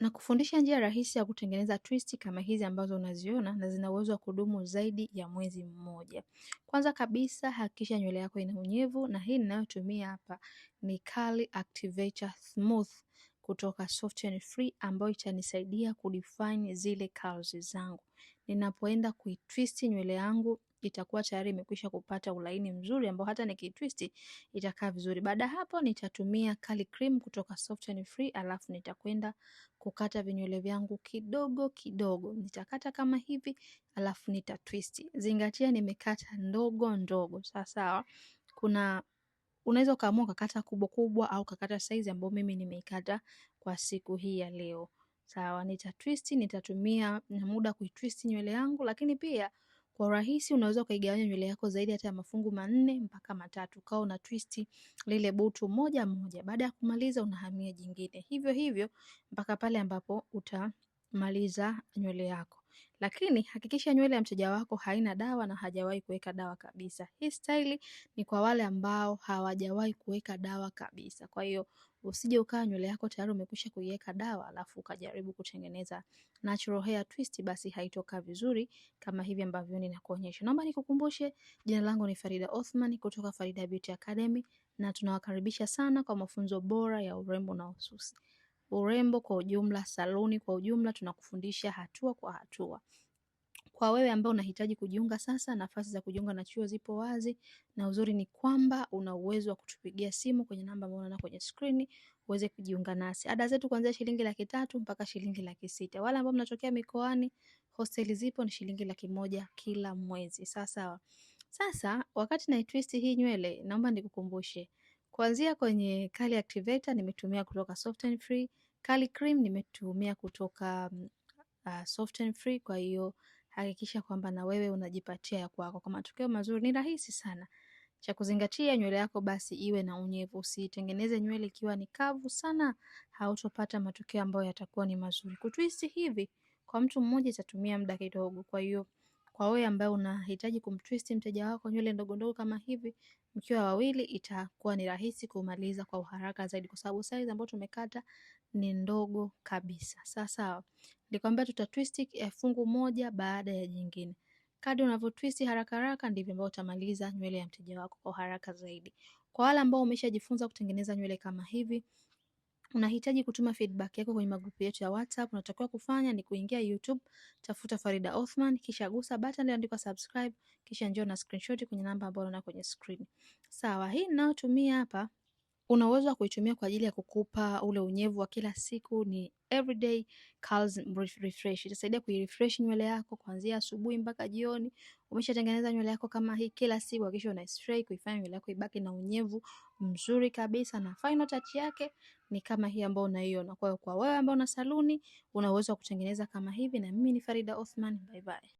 na kufundisha njia rahisi ya kutengeneza twist kama hizi ambazo unaziona na zina uwezo wa kudumu zaidi ya mwezi mmoja. Kwanza kabisa hakikisha nywele yako ina unyevu, na hii ninayotumia hapa ni Curl Activator Smooth kutoka Soft and Free ambayo itanisaidia kudefine zile curls zangu ninapoenda kuitwist nywele yangu itakuwa tayari imekwisha kupata ulaini mzuri ambao hata nikitwisti itakaa vizuri. Baada hapo nitatumia curly cream kutoka Soft and Free, alafu nitakwenda kukata vinywele vyangu kidogo kidogo. Nitakata kama hivi, alafu nitatwist. Zingatia nimekata ndogo ndogo, sawa sawa. Kuna unaweza ukaamua ukakata kubwa kubwa au kakata size ambayo mimi nimeikata kwa siku hii ya leo. Sawa, twist nitatumia muda kuitwist nywele yangu, lakini pia kwa urahisi unaweza ukaigawanya nywele yako zaidi hata ya mafungu manne mpaka matatu, ukawa una twist lile butu moja moja. Baada ya kumaliza, unahamia jingine hivyo hivyo mpaka pale ambapo utamaliza nywele yako. Lakini hakikisha nywele ya mteja wako haina dawa na hajawahi kuweka dawa kabisa. Hii staili ni kwa wale ambao hawajawahi kuweka dawa kabisa. Kwa hiyo Usije ukawa nywele yako tayari umekwisha kuiweka dawa alafu ukajaribu kutengeneza natural hair twist, basi haitoka vizuri kama hivi ambavyo ninakuonyesha. Naomba nikukumbushe, jina langu ni Farida Othman kutoka Farida Beauty Academy, na tunawakaribisha sana kwa mafunzo bora ya urembo na ususi, urembo kwa ujumla, saluni kwa ujumla. Tunakufundisha hatua kwa hatua. Kwa wewe ambao unahitaji kujiunga sasa, nafasi za kujiunga na chuo zipo wazi, na uzuri ni kwamba una uwezo wa kutupigia simu kwenye namba ambayo unaona kwenye skrini uweze kujiunga nasi. Ada zetu kuanzia shilingi laki tatu mpaka shilingi laki sita. Wale ambao mnatokea mikoani, hosteli zipo ni shilingi laki moja kila mwezi. Sawa sawa. Sasa wakati na twist hii nywele, naomba nikukumbushe kuanzia kwenye Kali activator nimetumia kutoka Soft and Free, Kali cream nimetumia kutoka uh, Soft and Free. Kwa hiyo hakikisha kwamba na wewe unajipatia ya kwako. Kwa matokeo mazuri ni rahisi sana. Cha kuzingatia, nywele yako basi iwe na unyevu. usitengeneze nywele ikiwa ni kavu sana, hautopata matokeo ambayo yatakuwa ni mazuri. Kutwist hivi kwa mtu mmoja itatumia muda kidogo, kwa hiyo kwa wewe ambaye unahitaji kumtwist mteja wako nywele ndogondogo kama hivi, mkiwa wawili itakuwa ni rahisi kumaliza kwa uharaka zaidi, kwa sababu size ambayo tumekata ni ndogo kabisa. Sawa sawa, nikwambia tuta twist eh, fungu moja baada ya jingine. Kadri unavyo twist haraka haraka, ndivyo ambavyo utamaliza nywele ya mteja wako kwa haraka zaidi. Kwa wale ambao umeshajifunza kutengeneza nywele kama hivi Unahitaji kutuma feedback yako kwenye magrupu yetu ya WhatsApp. Unatakiwa kufanya ni kuingia YouTube, tafuta Farida Othman, kisha gusa button iliyoandikwa subscribe, kisha njoo na screenshot kwenye namba ambayo unaona kwenye screen. Sawa, hii ninayotumia hapa unaweza kuitumia kwa ajili ya kukupa ule unyevu wa kila siku. Ni everyday curls refresh, itasaidia kuirefresh nywele yako kuanzia asubuhi mpaka jioni. Umeshatengeneza nywele yako kama hii kila siku, hakikisha una spray kuifanya nywele yako ibaki na unyevu mzuri kabisa, na final touch yake ni kama hii ambayo unaiona. Kwa hiyo kwa wewe ambao una saluni, una uwezo wa kutengeneza kama hivi, na mimi ni Farida Othman, bye bye.